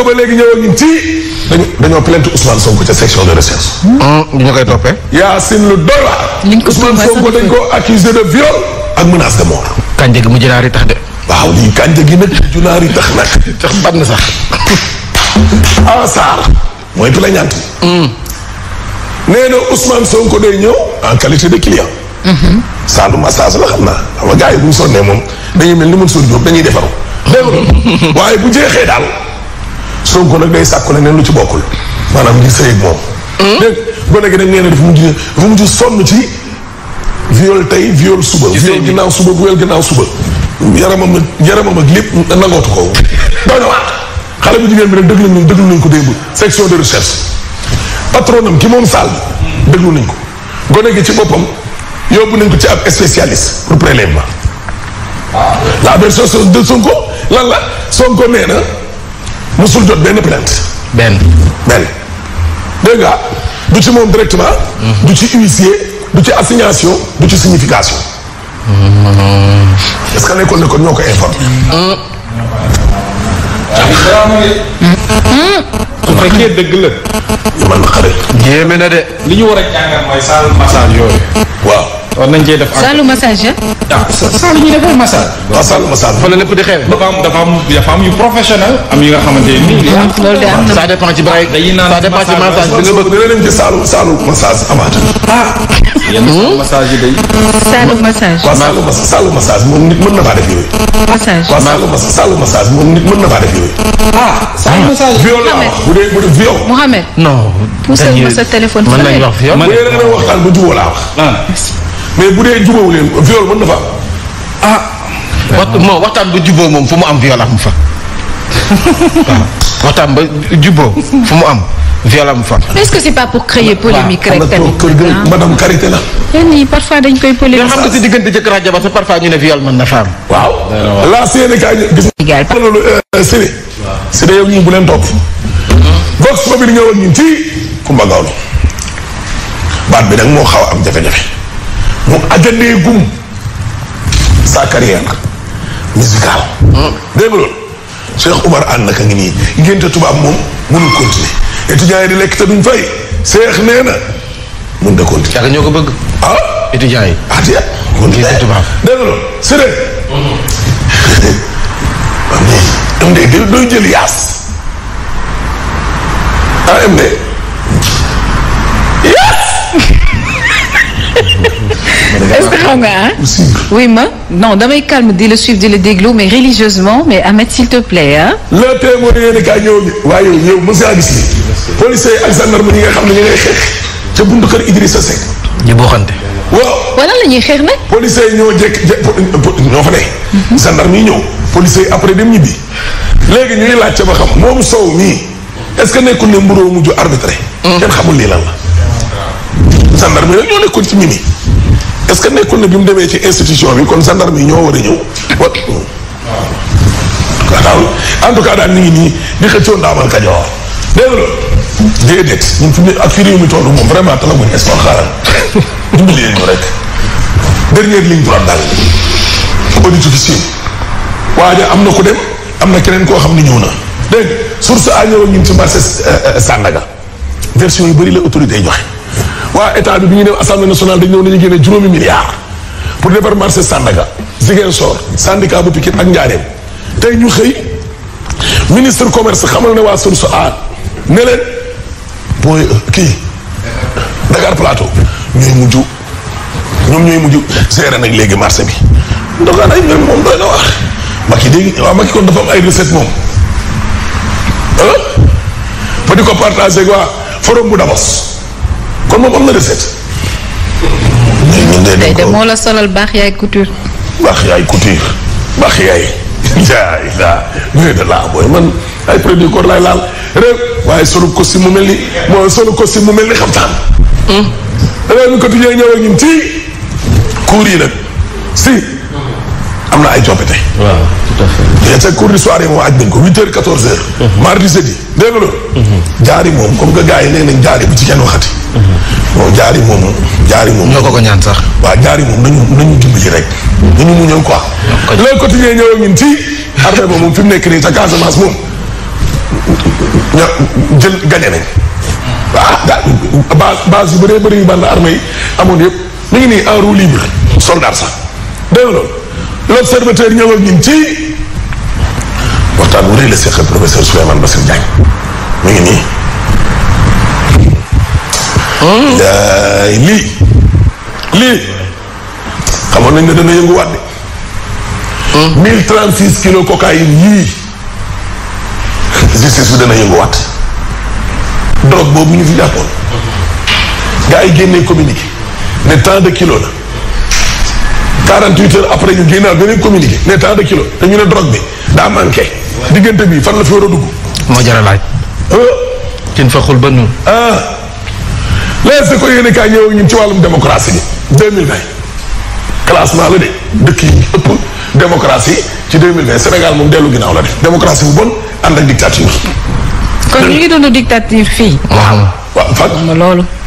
ko ba léegi ñëw ñun ci dañu dañoo plainte Ousmane Sonko ca section de recherche. Hmm, ñu ñu koy toppee. Yacine lu doy waar. liñ ko Ousmane Sonko dañ ko accusé de gi mu jëlaat yi tax de. waaw lii kànja gi nag julaar yi tax nag. tax ban sax. en Sarr. mooy plaignante. Hmm. nee na Ousmane Sonko day ñëw en qualité de client. Mhm. saalu massage la xam naa xam nga gars yi sonnee moom dañuy mel ni mën suur Diop dañuy defaru dégg waaye bu jeexee daal. Sonko nag day sàkku neen lu ci bokkul maanaam di sëy ak moom. Hmm? dégg nga gone gi nag nee na dafa mujj dafa mujj sonn ci viol tey viol suba. viol ginnaaw suba viol ginnaaw suba. yaramam ak yaramam ak lépp nangootu ko. doy na waat xale bu jigéen bi nag déglu nañ déglu nañ ko démb section de recherche patronam ki moom Sall déglu nañ ko gone gi ci boppam yóbbu nañ ko ci ab spécialiste pour prélèvement la version de Sonko lan la Sonko nee na. musul jot benn plainte. benn benn. dégg du ci moom directement. Mhm. du ci huissier du ci assignation du ci signification. Mhm. est-ce que nekkoon ne kon ñoo ko informé. Mhm. su fekkee dëgg la. man xare. yéeme na de. li ñu war a jàngal mooy saal massage yooyu. waaw. war nañ cee def. saalu massage ah. ah saalu ñuy defee massage. waaw saalu massage fa la lépp di xewee. dafa am dafa am dafa am yu professionnel. am yu nga xamante ni. Ah, loolu de am na ça dépend ci bari. dañuy naan massage ça dépend ci massage bi nga bëgg. dina dem ci saalu saalu massage amaat. ah. yenn massage yi day. saalu massage. waaw saalu massage saalu massage moom nit mën na faa def yooyu. massage waaw saalu massage saalu massage moom nit mën na faa def yooyu. ah saalu ah! massage. viol la wax bu dee bu dee viol. Mouhamed non. dañuy poussé ma sa téléphone. mën nañu wax viol bu dee da nga doon waxtaan bu jubóo laa wax. Ah. mais bu dee jubóowu leen viol mën na fa ah. moo waxtaan ba jubóo moom fu mu am viol am fa waaw waxtaan ba jubóo fu mu am viol am fa. est-ce que c'est pas pour créer polémique rek tamit madame Karité la. yéen ñii parfois dañ koy polémique. xam nga si diggante jëkkër ak jabar sax parfois ñu ne viol mën na fa am. waaw la Sénégal gis nga. Euh, Séné. waaw Séné yow bu leen topp. Mm-hmm. Vox Populi ñëwoon ñun ci Coumba Gawlo baat bi nag moo xaw a am jafe-jafe. mu ajalee gum sa carrière musicale. dégg nga loolu Cheikh Oumar Anne naka ngi nii ngénte tubaab moom mënul continuer étudiants di lekk te duñ fay Cheikh nee mun da continuer. yaakaar ñoo ko bëgg. ah étudiants yi. ah tiya ngénte jël yaas. ah yaas. comprends nga ah. oui ma non damay calme di la suivre di la déglu mais religieusement mais Ahmed s'il te plaît ah. le témoin yéen a kaay ñëw waaye yow mos ngaa gis ni policiers yi ak gendarme ñi nga xam ne ñu ngay xeex ca buntu kër Idrissa Seck. ñu bokkante. waaw wala la ñuy xeex nag. policiers yi ñoo jékki ñoo fa ne. gendarme yi ñëw policiers yi après dem ñibbi. léegi ñuy laajte ba xam moom Sow mii est-ce que nekkul ne mburoo mujj arbitré. Mm. kenn xamul lii lan la. gendarme yi ñoo nekkoon ci mimi. est-ce que nekkul ne bi mu demee ci institution bi kon gendarme yi ñoo war a ñëw wat en tout cas daal ni ngi nii di xëccoo ndaamal Kajoor dégg nga déedéet ñun fi mu ak fi réew mi toll moom vraiment talaguñu espoir xaaral dimbali ñu rek dernière ligne droite daal audit officiel waaja am na ku dem am na keneen koo xam ne ñëw na dégg source a ñëw ñun ci marché euh, euh, Sandaga version yu bëri la autorité yi joxe waa état bi bi ñu dem assemblée nationale dañu ne ñu génne juróomi milliards pour defar marché Sandaga Ziguinchor syndicat bu Pikine ak Njaareem tey ñu xëy ministre commerce xamal ne waa source a ne leen e, kii Dakar Plateau ñooy mujj ñoom ñooy mujj seere nag léegi marché bi ndogaan ay mbir moom doy na wax Macky dégg waaw Macky kon dafa ay recette moom ah bu Davos kon moom am na recette. ñun de dañ ko moo la solal baax yaay couture. baax yaay couture baax yaay. jaay daa mais de laa booy man ay produits koor laay laal réew waaye solo costume mu mel ni moo solo costume mu mel ni xamtaan. Hmm? réew ko quotidien ñëw ak ñun ci cours yi nag si. am na ay coppite. waaw tout à fait. te ca cours du soir yi moom aj nañ ko huit heures quatorze heures. Hmm. mardi jeudi dégg nga loolu. Hmm. jaari moom comme que gars yi jaari bu ci kenn waxati. bon jaari moom jaari moom. ñoo ko ko ñaan sax. waaw jaari moom nañu nañu dimbali rek. nañu muñal quoi. loolu continuer ñëw ak ñun ci. armée ba moom fi mu nekk nii sa Casamance moom ña jël gagné nañ. waaw daa base base yu bëree yu bànn armée yi amoon yëpp ñu ngi nii en roue libre. soldat sax dégg nga loolu. l'observateur ñëw ak ñun ci waxtaan wu rëy la seqal professeur Souleymane Bassirou Diagne mi ngi nii. lii lii xamoon nañ ne dana yënguwaat de. mille trente six kilos yii justice bi dana yënguwaat drogue boobu ñu fi jàppoon. gars yi génnee communiqué ne tant de kilos la. 48 heures après ñu génnaat beneen communiqué ne tant de kilos te ñu ne drogue bi daa manqué. diggante bi fan la fi war a dugg. moo jar a laaj. ah. fa xul ba nu. Ah! les écoles yéen kaay ñëw ñun ci wàllum démocratie bi deux mille vingt classement la de dëkk yi ëpp démocratie ci deux mille vingt Sénégal moom dellu ginnaaw la def démocratie bu bon ànd ak dictature. kon ñu ngi dund dictature fii. waaw waaw fan. loolu.